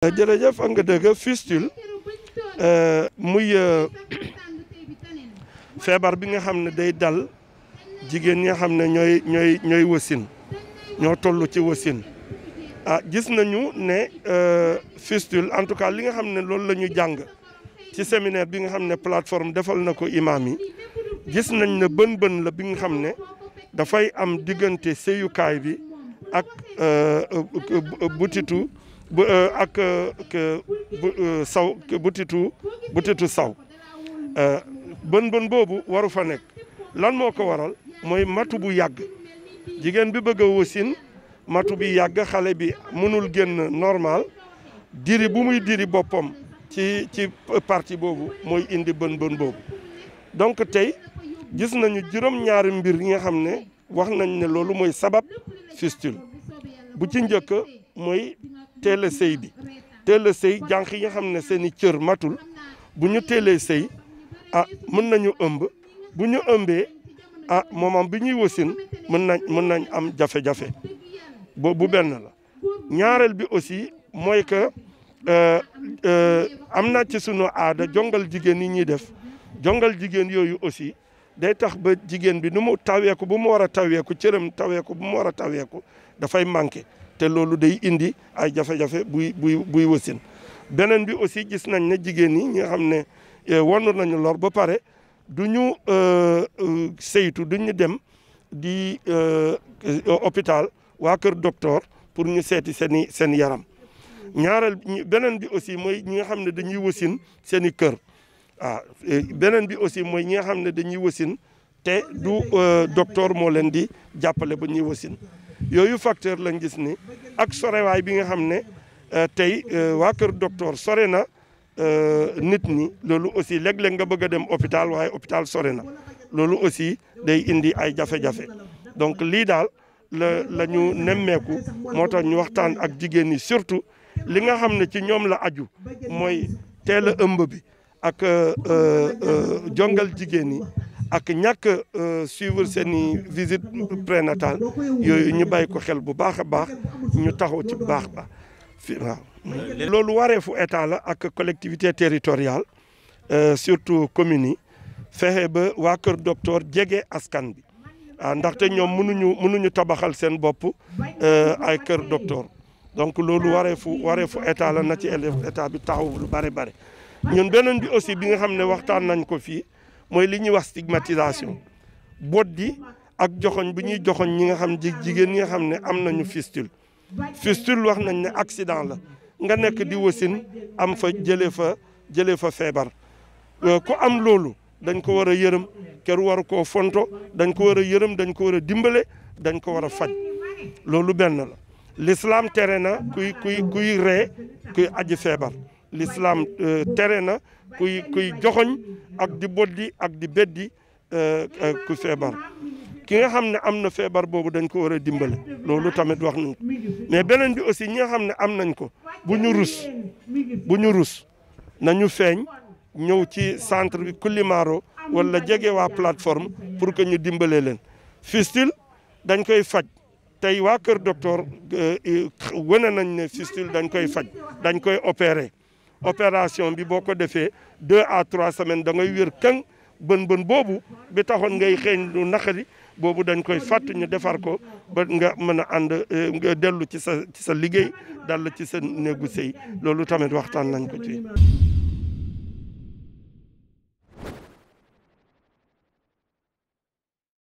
jërëjëf a nga dëgg fistule euh, muy euh, feebar bi nga xam ne day dal jigéen ñi nga xam ne ñooy ñooy ñooy wasin ñoo toll ci wasin ah gis nañu ne euh, fistule en tout cas li nga xam ne loolu la ñu jàng ci séminaire bi nga xam ne plateforme defal na ko imaam yi gis nañ ne bën-bën la bi nga xam ne dafay am diggante seyukaay bi ak butitu bu euh, ak euh, euh, saw butitu butitu saw bën bën boobu waru fa nekk lan moo ko waral mooy matu bu yàgg jigéen bi bëgg a wasin matu bi yàgg xale bi mënul génn normal diri bu muy diri boppam ci ci partie boobu mooy indi bën bën boobu donc tey gis nañu juróom-ñaari mbir yi nga xam ne wax nañ ne loolu mooy sabab fistule bu ci njëkk mooy teel sey bi di teel a sëy jànq yi xam ne seen i cër matul bu ñu teelee sey a ah, mën nañu ëmb bu ñu ëmbee ah moomam bi ñuy wasin mën nañ mën nañ am jafe-jafe boobu benn la ñaareel bi aussi mooy que euh, euh, am na ci sunu aada jongal jigéen yi ñuy def jongal jigéen yooyu aussi day tax ba jigéen bi nu mu taweeku bu mu war a taweeku cëram taweeku bu mu war a taweeku dafay manqué te loolu day indi ay jafe-jafe buy buy buy wasin beneen bi aussi gis nañ ne jigéen ñi ñi nga xam ne e, wanu nañu lor ba pare du ñu e, e, saytu du ñu dem di hôpital waa kër docteur pour ñu seeti seeni seen yaram ñaareel beneen bi aussi mooy ñi nga xam ne dañuy wasin seeni kër ah beneen bi aussi mooy ñi nga xam ne dañuy wasin te du docteur moo leen di jàppale ba ñuy wasin yooyu facteur lañ gis ni ak sorewaay bi nga xam ne euh, tey euh, waa kër docteur sore na euh, nit ñi loolu aussi léeg-léeg nga bëgg a dem hôpital waaye hôpital sore na loolu aussi day indi ay jafe-jafe donc lii daal la la ñu nemmeeku moo tax ñu waxtaan ak jigéen ñi surtout li nga xam ne ci ñoom la aju mooy teel ëmb bi ak jongal jigéen ñi ak ñàkk euh, suivre seen i visite prénatale yooyu ñu bàyyi ko xel bu baax a baax ñu taxaw ci baax ba fi waaw loolu wareefu état la ak collectivité territoriale euh, surtout communes yi fexe ba waa kër docteur jege askan bi ah ndaxte ñoom mënuñu mënuñu tabaxal seen bopp euh, ay kër docteur donc loolu wareefu wareefu état la na ci élève état bi taxaw lu bare bare ñun beneen bi aussi bi nga xam ne waxtaan nañ ko fii mooy li ñuy wax stigmatisation boddi ak joxoñ bu ñuy joxoñ ñi nga xam jigéen ñi nga xam ne am nañu fistule fistule wax nañ ne accident la nga nekk di wasin am fa jëlee fa jëlee fa feebar euh, ku am loolu dañ ko war a yërëm kër war ko fonto dañ ko war a yërëm dañ ko war a dimbale dañ ko war a faj loolu benn la l'islam tere na kuy kuy kuy ree kuy aji feebar l'islam euh, tere na kuy kuy joxoñ ak di boddi ak di beddi euh, ku feebar ki nga xam ne am na feebar boobu dañ ko war a dimbale loolu tamit wax nañ ko mais beneen bi aussi ñi nga xam ne am nañ ko bu ñu rus bu ñu rus nañu feeñ ñëw ci centre bi Kulimaro wala jege waa plateforme pour que ñu dimbale leen fistule dañ koy faj tey waa kër docteur euh, euh, wane nañ ne fistule dañ koy faj dañ koy opérer opération bi boo ko defee deux à trois semaine da ngay wér kang bën bën boobu bi taxoon ngay xeeñ lu naqari boobu dañ koy fàtt ñu defar ko ba nga mën a ànd euh, nga dellu ci sa sa liggéey dal ci sa néegu sëy loolu tamit waxtaan nañ ko ci